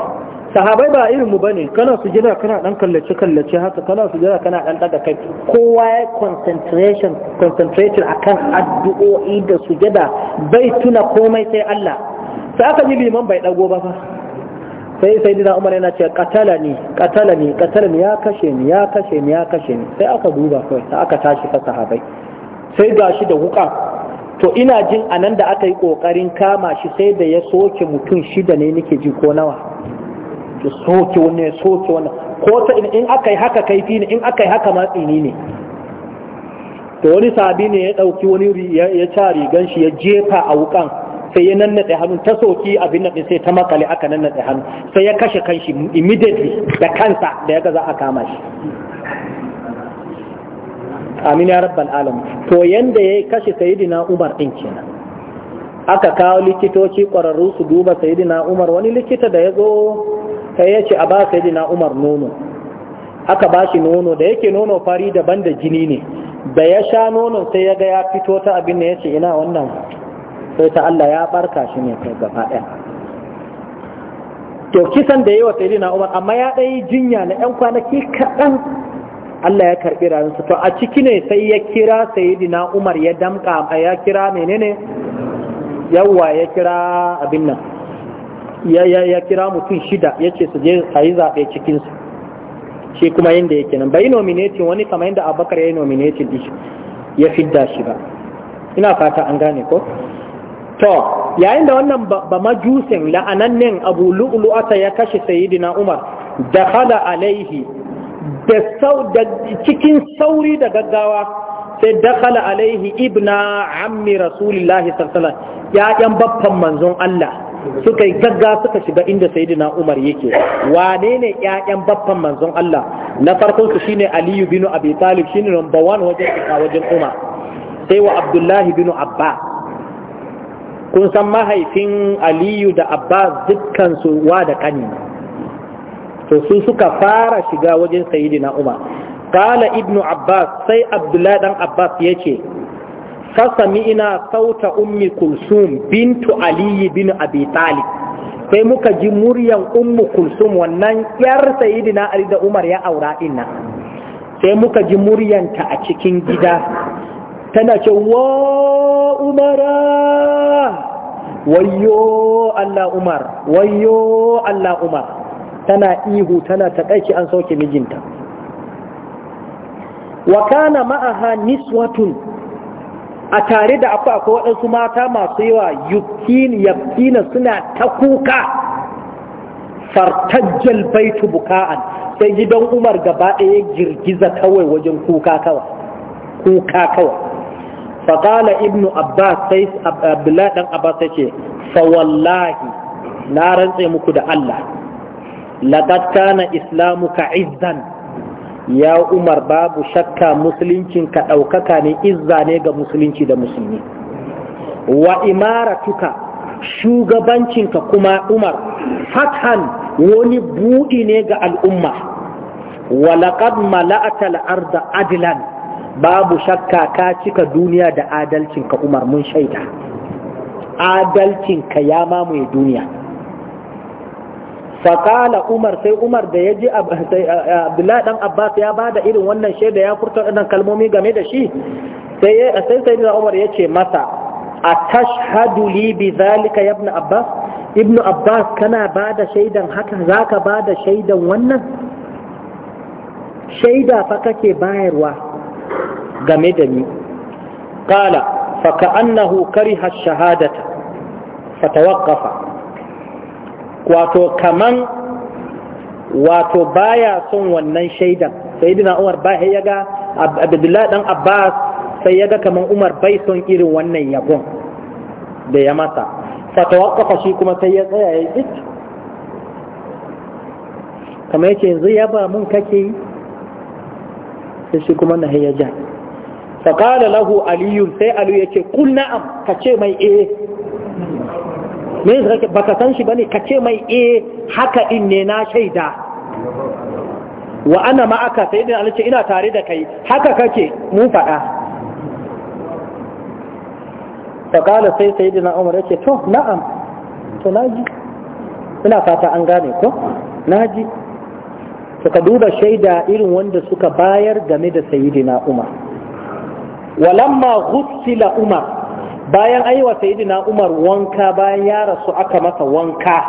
sahabai ba irin mu bane kana su jira kana dan kallace kallace haka kana su jira kana dan daga kai kowa ya concentration concentrated akan addu'o'i da sujada bai tuna komai sai Allah sai aka ji liman bai dago ba fa sai sai dina umar yana ce katalani katalani katalani ya kashe ni ya kashe ni ya kashe ni sai aka duba kawai sai aka tashi fa sahabai sai shi da wuka to ina jin anan da aka yi kokarin kama shi sai da ya soke mutum shida ne nake ji ko nawa ya soke wani ya soke wannan ko ta in aka yi haka kaifi ne in aka yi haka ni ne to wani sabi ne ya dauki wani ya ca rigan shi ya jefa a wukan sai ya nannaɗe hannu ta soki abin nan sai ta makale aka nannaɗe hannu sai ya kashe kanshi immediately da kansa da ya za a kama shi amin ya rabbal alam to yanda ya kashe sayidina umar din kenan aka kawo likitoci kwararru su duba sayidina umar wani likita da ya zo sai ya ce a ba sayidina umar nono aka ba shi nono da yake nono fari daban da jini ne da ya sha nono sai ya ga ya fito ta abin da ya ce ina wannan sai ta Allah ya barka shi ne kai gaba ɗaya to kisan da yawa sai na Umar amma ya ɗaya jinya na ƴan kwanaki kaɗan Allah ya karɓi rayuwarsa to a ciki ne sai ya kira sayyidina Umar ya damƙa ya kira menene yawa ya kira abin nan ya kira mutum shida ya ce su je a yi zaɓe cikinsu shi kuma yadda yake nan bai nominatin wani kamar yadda abakar ya yi nominatin ya fidda shi ba ina fata an gane ko to yayin da wannan ba majusin la'anannen abu lu'lu'ata ya kashe sayidina umar da hala alaihi da cikin sauri da gaggawa sai dakala alaihi ibna ammi rasulillahi sallallahu ya'yan babban manzon Allah suka yi gagga suka shiga inda sayyidina Umar yake wane ne ya'yan babban manzon Allah na farkon su shine Ali bin Abi Talib shine number 1 wajen wajen Umar sai wa Abdullahi bin Abbas kun san mahaifin aliyu da abbas dukkansu wa da kani to su suka fara shiga wajen na umar kala ibnu abbas sai abdullahi dan abbas ya ce fasami ina sauta ummi kulsum bintu aliyu bin abi talib sai muka ji muryan ummu kulsum wannan yar sayidina ali da umar ya aura inna sai muka ji muryanta a cikin gida tana ce wa umara wayo Allah umar wayo Allah umar tana ihu tana taƙaici an sauke mijinta wa kana ma'aha niswatun a tare da akwai akwai waɗansu mata masu yawa yabtina suna ta kuka fartajjal baitu buka'an sai gidan umar gaba ɗaya girgiza kawai wajen kuka kawai kuka kawai faƙala ibnu abbas sai abdullahi dan abbas ya ce fa wallahi na rantse muku da allah laqad kana islamuka izzan ya umar babu shakka musuluncin ka ɗaukaka ne izza ne ga musulunci da musulmi wa imaratuka shugabancinka kuma umar fathan wani buɗe ne ga al'umma wa laqad mala'ata al-arda adlan babu shakka ka cika duniya da adalcinka umar mun shaida adalcinka ya mamaye duniya faƙala umar sai umar da ya ji abdullahi dan abbas ya bada irin wannan shaida ya furta waɗannan kalmomi game da shi sai sai da umar ya ce masa a tashhadu li bi zalika ya ibn abbas ibn abbas kana bada shaidan haka zaka bada shaidan wannan shaida fa kake bayarwa game da ni kala fa annahu kariha shahadata fatawaqqafa wato kaman wato baya son wannan shaidan sayyidina Umar ba ya ga Abdullahi dan Abbas sai ya ga kaman Umar bai son irin wannan yabon da ya masa fatawaqqafa shi kuma sai ya tsaya ya yi kamar yace yanzu yaba mun kake yi sai shi kuma na hayyaja faƙala lahu aliyu sai aliyu ya ce kul na'am kace mai eh me zaka baka san shi bane kace mai eh haka din ne na shaida wa ana aka, sai din alice ina tare da kai haka kake mu faɗa faƙala sai sayyidina umar yace to na'am to naji ina fata an gane ko naji to ka duba shaida irin wanda suka bayar game da sayyidina umar walamma ghussila umar bayan aiwa sayyidina umar wanka bayan ya rasu aka masa wanka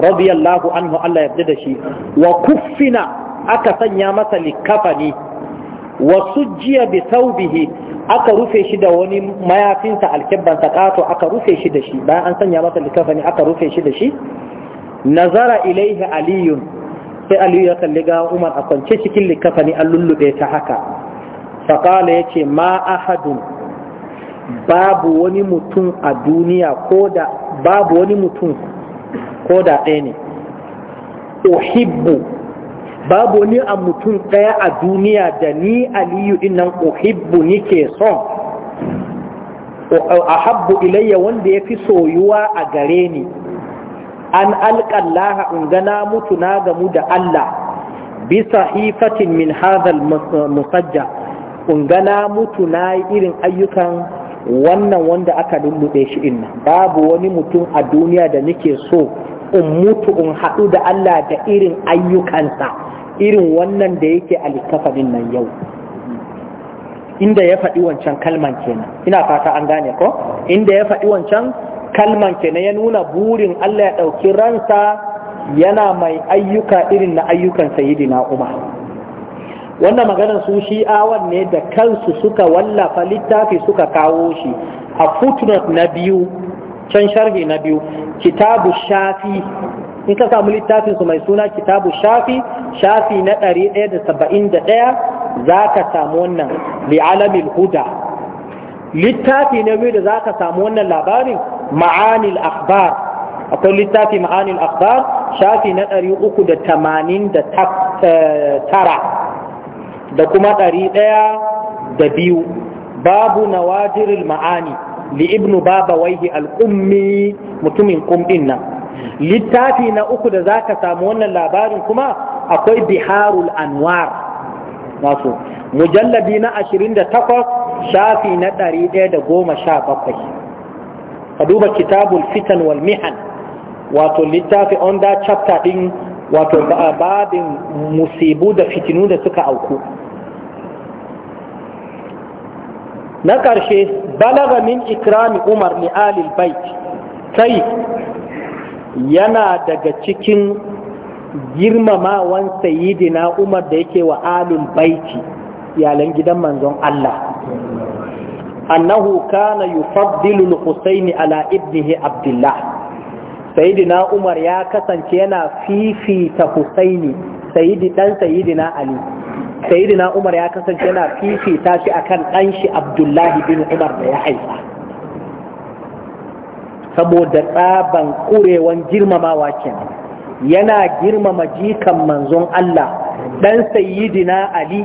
radiyallahu anhu Allah yarda da shi wa kuffina aka sanya masa likafani wa sujjiya bi bihi aka rufe shi da wani mayafinsa alkibban sakato aka rufe shi da shi bayan an sanya masa likafani aka rufe shi da shi nazara ilaihi aliyun sai aliyu ya kalli ga umar a kwance cikin likafani an lullube ta haka faƙala ya ce ma ahadun babu wani mutum a duniya ko da babu wani mutum ko da ɗaya ne babu wani a mutum ɗaya a duniya da ni aliyu innan uhibbu ke son ahabbu ilayya wanda ya fi soyuwa a gare ni an alƙallaha in gana mutu na gamu da Allah bisa hifatin min hadhal musajja gana mutu na irin ayyukan wannan wanda aka lullube shi inna babu wani mutum a duniya da nake so in mutu in haɗu da Allah da irin ayyukansa irin wannan da yake a littafanin nan yau inda ya faɗi wancan kalman kenan ina fata an gane ko inda ya faɗi wancan kalman kenan ya nuna burin Allah ya ɗauki ransa yana mai ayyuka irin na ayyukan sayyidina Umar wannan maganar su shi'awan ne da kansu suka wallafa littafi suka kawo shi a footnote na biyu can sharhi na biyu kitabu shafi in ka samu littafin su mai suna kitabu shafi shafi na 171 za ka samu wannan li'alamil huda littafi na biyu da za ka samu wannan labarin ma'anil akhbar akwai littafi ma'anil akhbar shafi na 389 da kuma ɗari ɗaya da biyu babu na wajirin ma'ani li ibnu baba waihi al'ummi mutumin kumɗin nan littafi na uku da za ka samu wannan labarin kuma akwai biharul anwar masu mujallabi na ashirin da takwas shafi na ɗari ɗaya da goma sha bakwai ka duba kitabul fitan wal mihan wato littafi on da chapter ɗin wato babin musibu da fitinu da suka auku na ƙarshe balaga min ikrami umar ni alil bait sai yana daga cikin girmamawan sayidina umar da yake wa alil baiti yalan gidan manzon Allah annahu kana yufaddilu al-husaini ala ibnihi abdullah sayidina umar ya kasance yana fifita husaini sayidi dan sayidina ali sayidina umar ya kasance yana fifita shi akan dan shi abdullahi bin umar da ya haifa saboda tsaban kurewan girmamawa kenan yana girmama jikan manzon Allah dan sayidina ali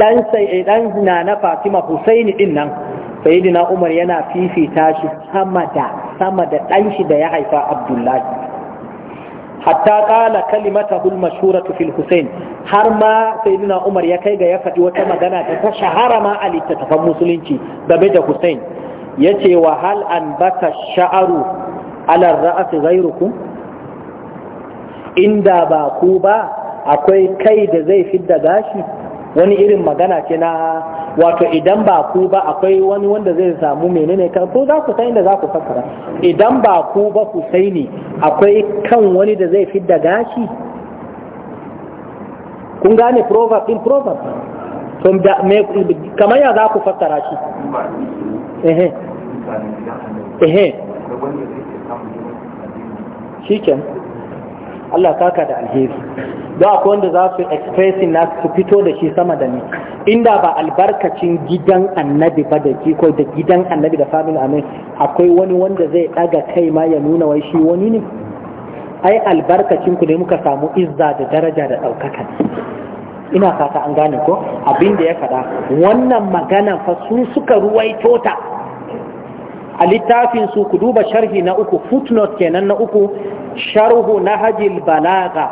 dan sai dan na na Fatima Husaini din nan sayyidina umar yana fifita shi sama da sama da shi da ya haifa abdullahi hatta qala kalimata Hulma mashhuratu fil husayn har ma sayyidina umar ya kai ga ya faɗi wata magana da ta shahara ma a littattafan musulunci game da ya ce wa hal an bata sha'aru ala ra'as ghayrukum inda ba ku ba akwai kai da zai fidda gashi wani irin magana ce na wato idan ba ku ba akwai wani wanda zai samu menene kan ko za ku san inda za ku fassara idan ba ku ba ku sai ne akwai kan wani da zai fi da gashi kun gane proverb din proverb to kamar ya za ku fassara shi ehe ehe shikenan Allah saka da alheri don akwai wanda za su expressing na su fito da shi sama da ni inda ba albarkacin gidan annabi ba da ko da gidan annabi da family amin akwai wani wanda zai daga kai ma ya nuna wai shi wani ne ai albarkacin ku ne muka samu izza da daraja da ɗaukaka ina fata an gane ko abin da ya faɗa wannan magana fa su suka ruwaito ta a littafin su ku duba sharhi na uku footnote kenan na uku sharhu na hajil balaga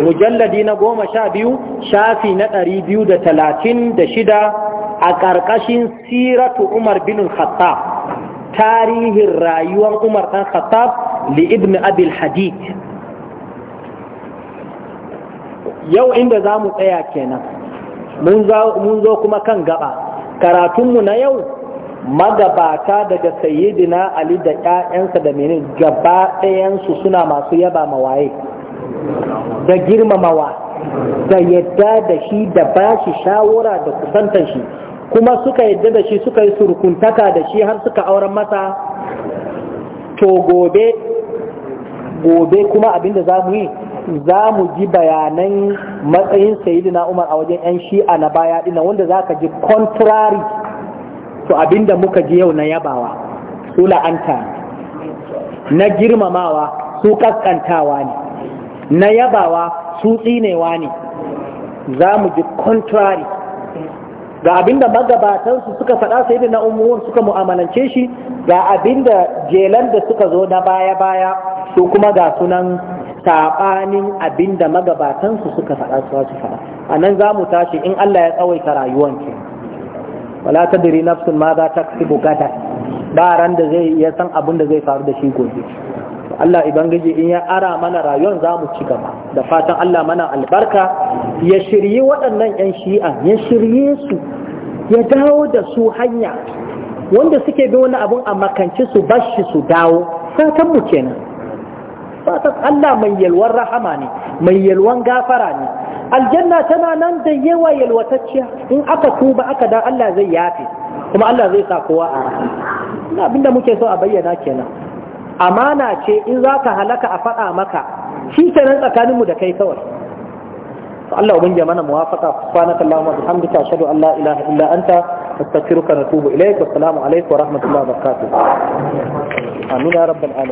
mujalladi na goma sha biyu shafi na ɗari biyu da talatin da shida a ƙarƙashin siratu umar bin khattab tarihin rayuwar umar ɗan khattab li ibn abil hadid yau inda za mu tsaya kenan mun zo kuma kan gaba karatunmu na yau magabata daga sayyidina ali da ƴaƴansa da menin gaba ɗayansu suna masu yaba mawaye da girmamawa da yadda da shi da ba shi, shawara da kusantar shi kuma suka yadda da shi suka yi surkuntaka da shi har suka auren masa to gobe gobe kuma abinda za mu yi za mu ji bayanan matsayin Sayyidina umar a wajen 'yan shi'a na baya dina wanda za ka ji contrary to abinda muka ji yau na yabawa su la'anta na girmamawa su kaskantawa ne na yabawa su tsinewa ne za mu ji contrary ga abinda magabatansu suka faɗa sai da na umuwan suka mu'amalance shi ga abinda jelan da suka zo na baya-baya su kuma ga sunan saɓanin abinda magabatansu suka faɗa su faɗa a nan za mu tashi in Allah ya tsawaita rayuwan kenan wala tadri nafsun ma za ta kasi bukata ba ran da zai iya san abin da zai faru da shi gobe Allah Ubangiji in ya ara mana rayuwar za mu ci gaba da fatan Allah mana albarka ya shirye waɗannan 'yan shi'an ya shirye su ya dawo da su hanya wanda suke bi wani abun a makanci su bashi su dawo fatan mu kenan fatan Allah mai yalwar rahama ne mai yalwan gafara ne aljanna tana nan da yawa yalwatacciya in aka tuba aka da Allah zai yafe kuma Allah zai sa kowa a ina abinda muke so a bayyana kenan amana ce in za ka halaka a faɗa maka shi kenan tsakaninmu da kai kawai Allah ubin mana muwafaqa subhanakallahumma wa bihamdika ashhadu an la ilaha illa anta astaghfiruka wa atubu ilaik wa assalamu alaikum wa rahmatullahi wa barakatuh amin ya rabbal alamin